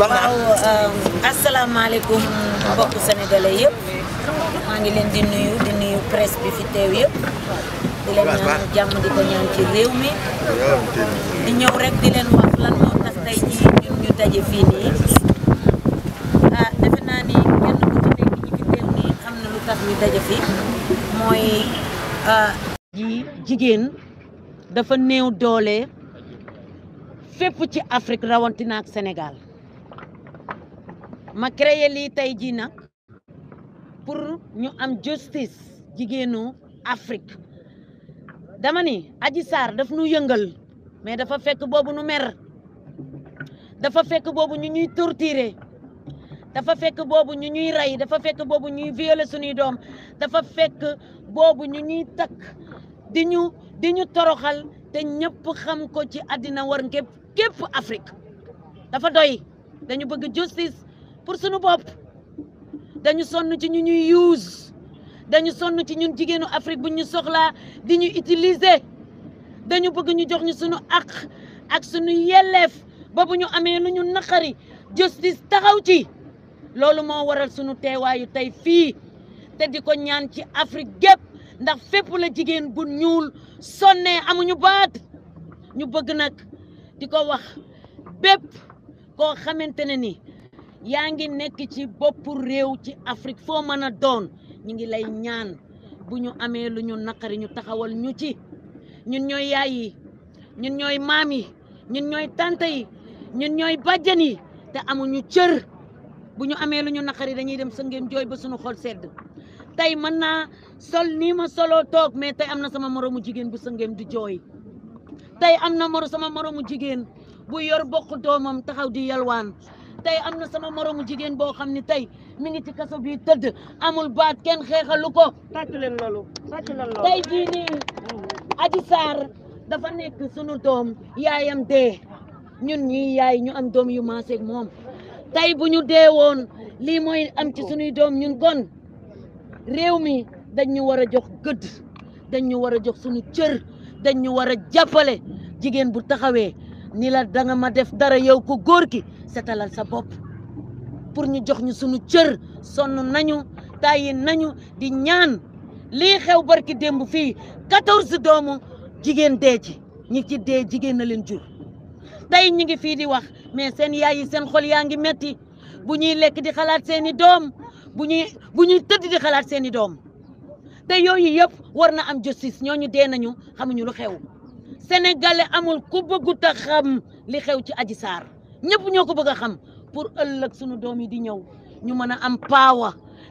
Um, assalamualaikum bokku waaw asalaamaaleykum sénégalais yëpp ya. maa ngi leen di nuyu di nuyu presse bi fi teew yëpp di leen ñaan jàmm di ko ñaan ci réew mi di ñëw rek di leen wax lan moo tax tey jii ñun ñu daje fii nii ah defe naa ni kenn ku ci nekk ñi fi teew nii xam na lu tax ñu daje fii mooy ah, ji jigéen dafa néew doole fépp ci Afrique rawatina ak Sénégal ma créé lii tey jii nag pour ñu am justice jigéenu Afrique dama ni aji Sarr daf nu yëngal mais dafa fekk boobu nu mer dafa fekk boobu ñu ñuy torturer dafa fekk boobu ñu ñuy rey dafa fekk boobu ñuy violer suñuy doom dafa fekk boobu ñu ñuy takk di ñu toroxal te ñëpp xam ko ci àddina war ngépp képp Afrique dafa doy dañu bëgg justice pour suñu bopp dañu sonn ci ñu ñuy use dañu sonn ci ñun jigéenu Afrique bu ñu soxlaa di ñu utiliser dañu bëgg ñu jox ñu suñu àq ak suñu yelleef ba bu ñu amee lu ñu naqari justice taxaw ci loolu moo waral suñu teewaayu tey fii te di ko ñaan ci Afrique gépp ndax fépp la jigéen bu ñuul sonnee amuñu baat ñu bëgg nag di ko wax bépp koo xamante ne ni yaa ngi nekk ci boppu réew ci Afrique foo mën a doon ñu ngi lay ñaan bu ñu amee lu ñu naqari ñu taxawal ñu ci ñun ñooy yay yi ñun ñooy maam yi ñun ñooy tante yi ñun ñooy bàjjan yi te amuñu cër bu ñu amee lu ñu naqari dañuy dem sëngéem jooy ba suñu xol sedd tey mën naa sol nii ma soloo toog mais tey am na sama moroomu jigéen bu sëngéem di jooy tey am na moro sama moroomu jigéen bu yor bokk doomam taxaw di yalwaan tey am na sama moroomu jigéen boo xam ni tey mi ngi ci kaso bi tëdd amul baat kenn xeexalu ko. fàttali leen loolu fàttali leen loolu tey jii nii Adji Sarr dafa nekk sunu doom yaayam dee ñun ñii yaay ñu am doom yu maaseeg moom tey bu ñu dee woon lii mooy am ci sunuy doom ñun gon réew mi dañu ñu war a jox gëdd dañ ñu war a jox sunu cër dañ ñu war a jàppale jigéen bu taxawee ni la danga ma def dara yow ko góor ki setalal sa bopp pour ñu jox ñu sunu cër sonn nañu tàyyi nañu di ñaan li xew barki démb fii quatorze doomu jigéen dee ci ñi ci dee jigéen na leen jur tey ñi ngi fii di wax mais seen yaay yi seen xol yaa ngi metti bu ñuy lekk di xalaat seen i doom bu ñuy bu ñuy tëdd di xalaat seen i doom te yooyu yëpp war na am justice ñooñu dee nañu xamuñu lu xew sénégalais amul ku bëggut xam li xew ci aji saar ñëpp ñoo ko bëgg a xam pour ëllëg suñu doom yi di ñëw ñu mën a am paawa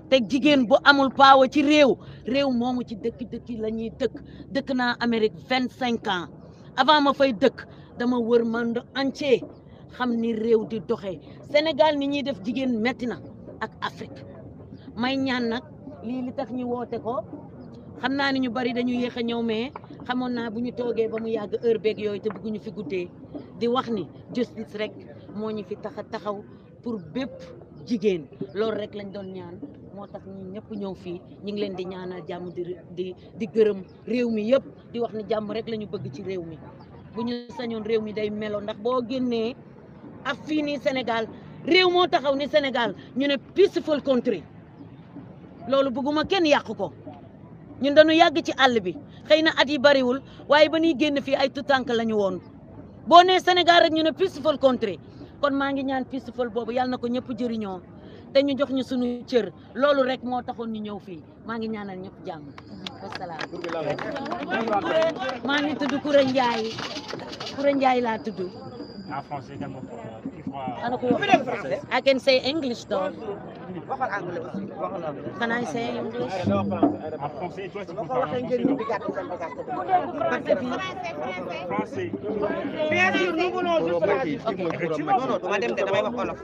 te jigéen bu amul paawa ci réew réew moomu ci dëkk dëkki lañuy dëkk dëkk naa Amérique vingt cinq ans avant ma fay dëkk dama wër monde entier xam ni réew di doxee Sénégal ni ñuy def jigéen metti na ak Afrique may ñaan nag lii li tax ñu woote ko xam naa ni ñu bari dañu yéex a ñëw mais xamoon naa bu ñu toogee ba mu yàgg heure beeg yooyu te bëgguñu fi guddee di wax ni justice rek moo ñu fi tax a taxaw pour bépp jigéen loolu rek lañ doon ñaan moo tax ñi ñëpp ñëw fii ñu ngi leen di ñaanal jàmm di di di gërëm réew mi yëpp di wax ni jàmm rek lañu bëgg ci réew mi bu ñu sañoon réew mi day meloo ndax boo génnee a fii nii Sénégal réew moo taxaw ni Sénégal ñu ne peaceful country loolu bëgguma kenn yàqu ko ñun dañu yàgg ci àll bi xëy na at yi bariwul waaye ba ñuy génn fii ay tutànk la ñu woon boo nee Sénégal rek ñu ne peaceful country kon maa ngi ñaan pisteful boobu yàlla na ko ñëpp jëriñoo te ñu jox ñu suñu cër loolu rek moo taxoon ñu ñëw fii maa ngi ñaanal ñëpp jàmm maa ngi tudd Koura Ndiaye Koura Ndiaye laa tudd en français également pour euh, qui croit. Euh, I can say English though. Can I say English? En français, toi tu peux parler français. Français. Bien sûr, nous voulons juste la. Ok. Non, non, dama dem de damay wax wolof.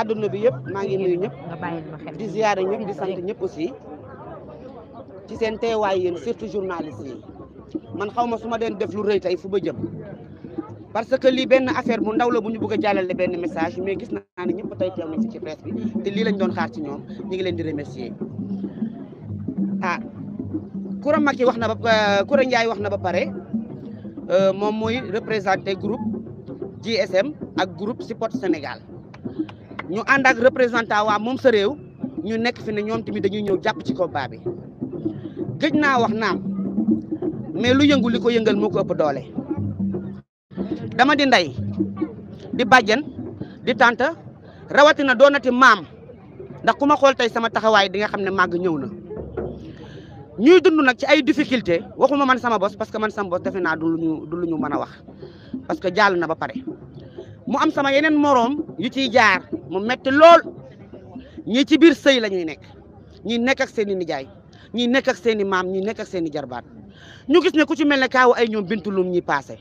adduna bi yëpp maa ngi nuyu ñëpp di ziyaare ñëpp di sant ñëpp aussi ci seen teewaay yéen surtout journaliste yi man xaw ma su ma deen def lu rëy tey fu ba jëm parce que lii benn affaire bu ndaw la bu ñu bëgg a jàllale benn message mais gis naa ne ñëpp tey teew nañ ci ci bi te lii lañ doon xaar ci ñoom ñu ngi leen di remercier ah Koura Macky wax na ba Koura euh, Ndiaye wax na ba pare euh, moom mooy représenté groupe GSM ak groupe Support Sénégal ñu ànd ak représentant waa moom sa réew ñu nekk fi ne ñoom tamit dañuy ñëw jàpp ci combat bi gëj naa wax naam mais lu yëngu li ko yëngal moo ko ëpp doole dama di ndey di bàjjen di tante rawatina doonati maam ndax ku ma xool tey sama taxawaay di nga xam ne màgg ñëw na ñuy dund nag ci ay difficulté waxuma man sama bos parce que man sama bos defe naa du lu ñu du lu ñu mën a wax parce que jàll na ba pare mu am sama yeneen moroom yu ciy jaar mu metti lol ñi ci bir sey lañuy ñuy nekk ñi nekk ak seeni nijaay ñi nekk ak seeni mam ñi nekk ak seeni jarbaat ñu gis ne ku ci melne ne ay ñoom bintu lum ñi passé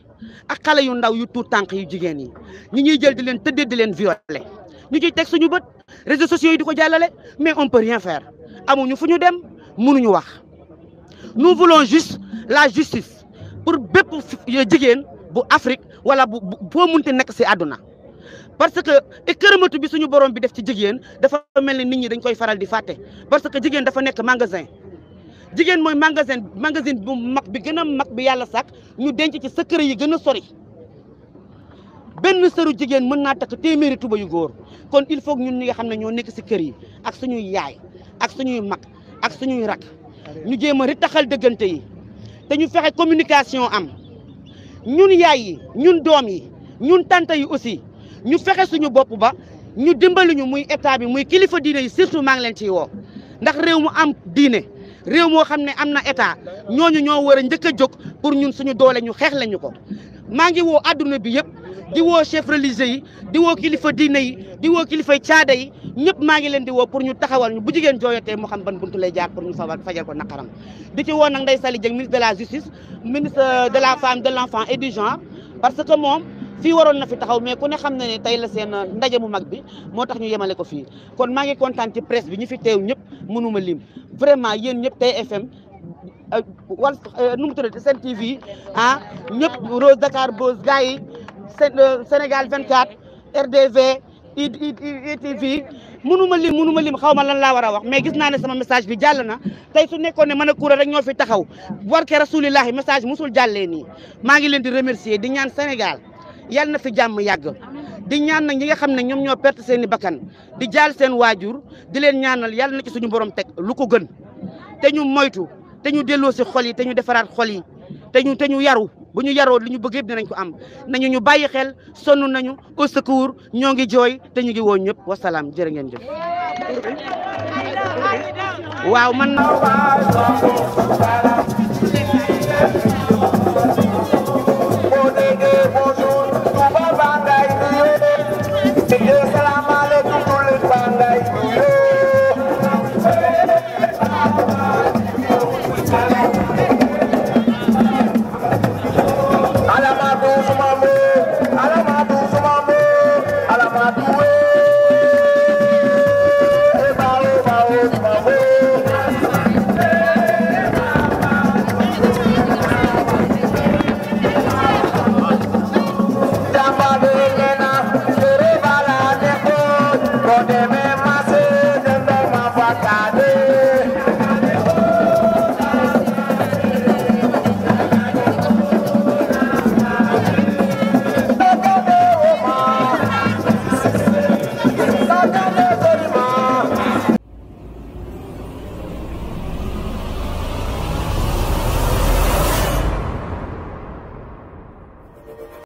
ak xalé yu ndaw yu tout tank yu jigen yi ñi ñi jël di leen tëddee di leen violer ñu ci tek suñu bët réseaux sociaux yi diko ko mais on peut rien faire amuñu fuñu dem mënuñu wax nous voulons juste la justice pour yu jigen bu Afrique wala bu boo munte nekk ci aduna parce que écrématu bi suñu borom bi def ci jigéen dafa mel ni nit ñi dañ koy faral di fàtte parce que jigéen dafa nekk magasin jigéen mooy magasin magasin bu mag bi gën a mag bi yàlla sàkk ñu denc ci secret yi gën a sori benn sëru jigéen mën naa takk téeméeri tuba yu góor kon il faut ñun ñi nga xam ne ñoo nekk si kër yi ak suñuy yaay ak suñuy mag ak suñuy rag ñu jéem a ritaxal dëggante yi te ñu fexe communication am ñun yaay yi ñun doom yi ñun tante yi aussi ñu fexe suñu bopp ba ñu dimbali ñu muy état bi muy kilifa diine yi surtout maa ngi leen ciy woo ndax réew mu am diine réew moo xam ne am na état ñooñu ñoo war a njëkk a jóg pour ñun suñu doole ñu xeex ñu ko maa ngi woo adduna bi yëpp di woo chef religieux yi di woo kilifa diine yi di woo kilifa caada yi ñëpp maa ngi leen di woo pour ñu taxawal bu jigéen jooyatee mu xam ban buntu lay jaar pour ñu fawal fajal ko naqaram di ci woo nag Ndeye Saly Dieng ministre de la justice ministre de la femme de l' que moom fi waroon na fi taxaw mais ku ne xamna na ne tey la sen ndaje mu mag bi motax ñu yemale ko fi kon ma ngi kontaan ci presse bi ñu fi tew ñep mënuma lim vraiment yéen ñep tay fm wal nu mu tuddati sen TV ah ñep Rose Dakar Buzz gaay yi Sénégal 24 RDV ITV mënuma lim mënuma lim xawma lan la wara wax mais gis naa ne sama message bi jàll na tey su nekkoon ne mën a kuura rek ñoo fi taxaw barke rasulillahi message musul jàllee nii maa ngi leen di remercier di ñaan Sénégal yal na fi jàmm yàgg di ñaan nag ñi nga xam ne ñoom ñoo perte seeni i bakkan di jaal seen waajur di leen ñaanal yal na ci suñu borom teg lu ko gën te ñu moytu te ñu delloo si xol yi te ñu defaraat xol yi te ñu te ñu yaru bu ñu yaroo li ñu bëggee yëpp dinañ ko am nañu ñu bàyyi xel sonn nañu au ñoo ngi jooy te ñu ngi woo ñëpp wasalaam jërë ngeen jëf